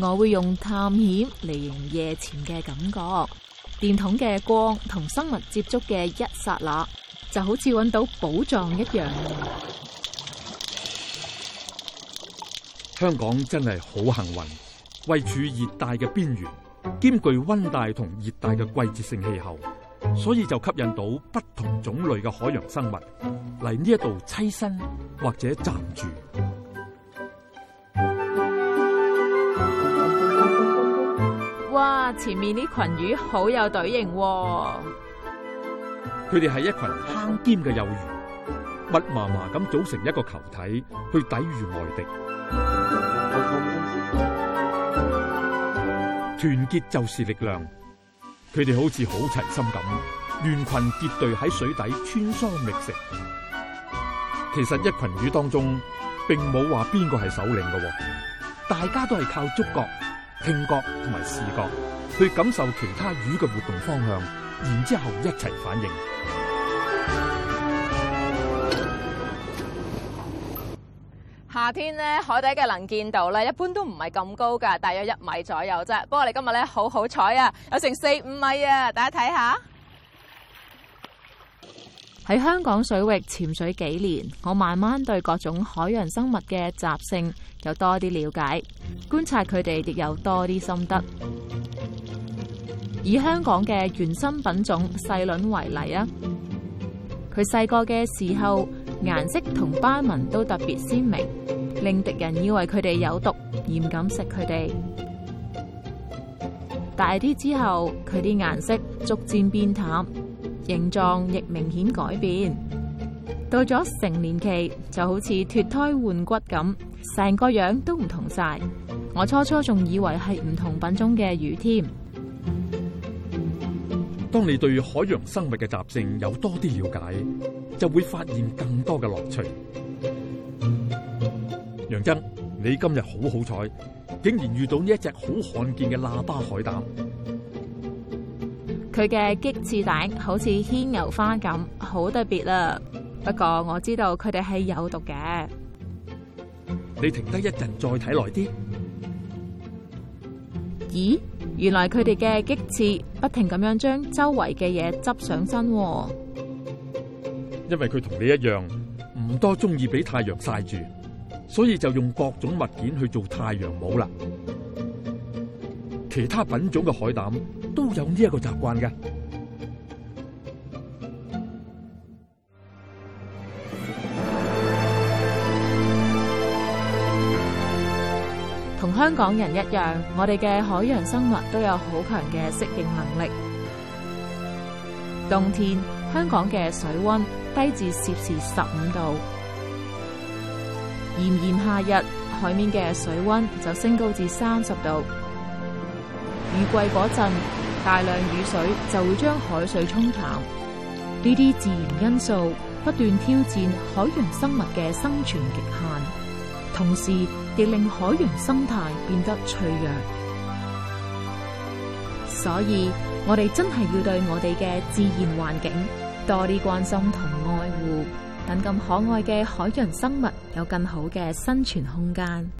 我會用探險嚟形容夜潛嘅感覺，電筒嘅光同生物接觸嘅一剎那，就好似揾到寶藏一樣。香港真係好幸運，位處熱帶嘅邊緣，兼具温帶同熱帶嘅季節性氣候，所以就吸引到不同種類嘅海洋生物嚟呢一度棲身或者暫住。前面呢群魚好有隊形。嗯嗯，佢哋係一群鏗堅嘅幼魚，密麻麻咁組成一個球體去抵禦外敵。團、嗯嗯、結就是力量，佢哋好似好齊心咁，亂群結隊喺水底穿梭覓食。其實一群魚當中，並冇話邊個係首領嘅，大家都係靠觸覺、聽覺同埋視覺。去感受其他魚嘅活動方向，然之後一齊反應。夏天呢，海底嘅能見度咧，一般都唔係咁高噶，大約一米左右啫。不過你今日咧好好彩啊，有成四五米啊！大家睇下，喺香港水域潛水幾年，我慢慢對各種海洋生物嘅習性有多啲了解，觀察佢哋亦有多啲心得。以香港嘅原生品種細卵為例啊，佢細個嘅時候，顏色同斑紋都特別鮮明，令敵人以為佢哋有毒，而唔敢食佢哋。大啲之後，佢啲顏色逐漸變淡，形狀亦明顯改變。到咗成年期，就好似脫胎換骨咁，成個樣都唔同晒。我初初仲以為係唔同品種嘅魚添。當你對海洋生物嘅習性有多啲了解，就會發現更多嘅樂趣。楊真，你今日好好彩，竟然遇到呢一隻好罕見嘅喇叭海膽。佢嘅棘刺頂好似牽牛花咁，好特別啦。不過我知道佢哋係有毒嘅。你停低一陣再睇耐啲。咦？原來佢哋嘅棘刺不停咁樣將周圍嘅嘢執上身，因為佢同你一樣唔多中意俾太陽曬住，所以就用各種物件去做太陽帽啦。其他品種嘅海膽都有呢一個習慣嘅。同香港人一樣，我哋嘅海洋生物都有好強嘅適應能力。冬天，香港嘅水溫低至攝氏十五度；炎炎夏日，海面嘅水溫就升高至三十度。雨季嗰陣，大量雨水就會將海水沖淡。呢啲自然因素不斷挑戰海洋生物嘅生存極限，同時，亦令海洋生態變得脆弱，所以我哋真係要對我哋嘅自然環境多啲關心同愛護，等咁可愛嘅海洋生物有更好嘅生存空間。